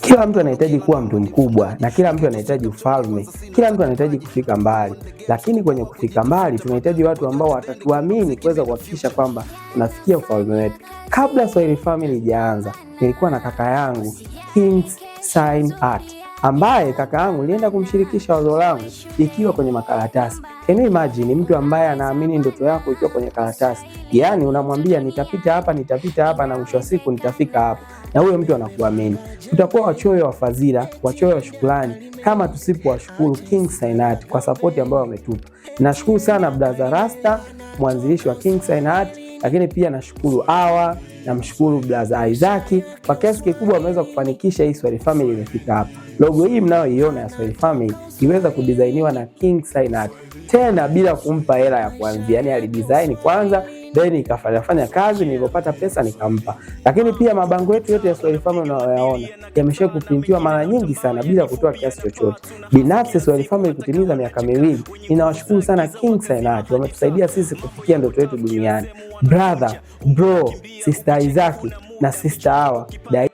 Kila mtu anahitaji kuwa mtu mkubwa na kila mtu anahitaji ufalme, kila mtu anahitaji kufika mbali, lakini kwenye kufika mbali tunahitaji watu ambao watatuamini kuweza kuhakikisha kwamba tunafikia ufalme wetu. Kabla Swahili Family ijaanza, nilikuwa na kaka yangu Kings Sign Art ambaye kaka yangu nilienda kumshirikisha wazo langu ikiwa kwenye makaratasi. Can you imagine mtu ambaye anaamini ndoto yako ikiwa kwenye karatasi? Yaani unamwambia nitapita hapa, nitapita hapa na mwisho wa siku nitafika hapa, na huyo mtu anakuamini. Tutakuwa wachoyo wa fadhila, wachoyo wa shukrani kama tusipowashukuru King Sainati kwa sapoti ambayo wametupa. Nashukuru sana brother Rasta, mwanzilishi wa King Sainati lakini pia nashukuru awa namshukuru Blaza Isaki kwa kiasi kikubwa ameweza kufanikisha hii Swahili Family imefika hapa. Logo hii mnayoiona ya Swahili Family iweza kudizainiwa na King Sainat, tena bila kumpa hela ya kuanzia, yani alidizaini kwanza then ikafanya fanya kazi, nilipopata pesa nikampa. Lakini pia mabango yetu yote ya Swahili Farm unayoyaona yamesha kuprintiwa mara nyingi sana bila kutoa kiasi chochote. Binafsi Swahili Farm ikutimiza miaka miwili, ninawashukuru sana King wametusaidia sisi kufikia ndoto yetu duniani. Brother, bro, sister Isaki na sister hawa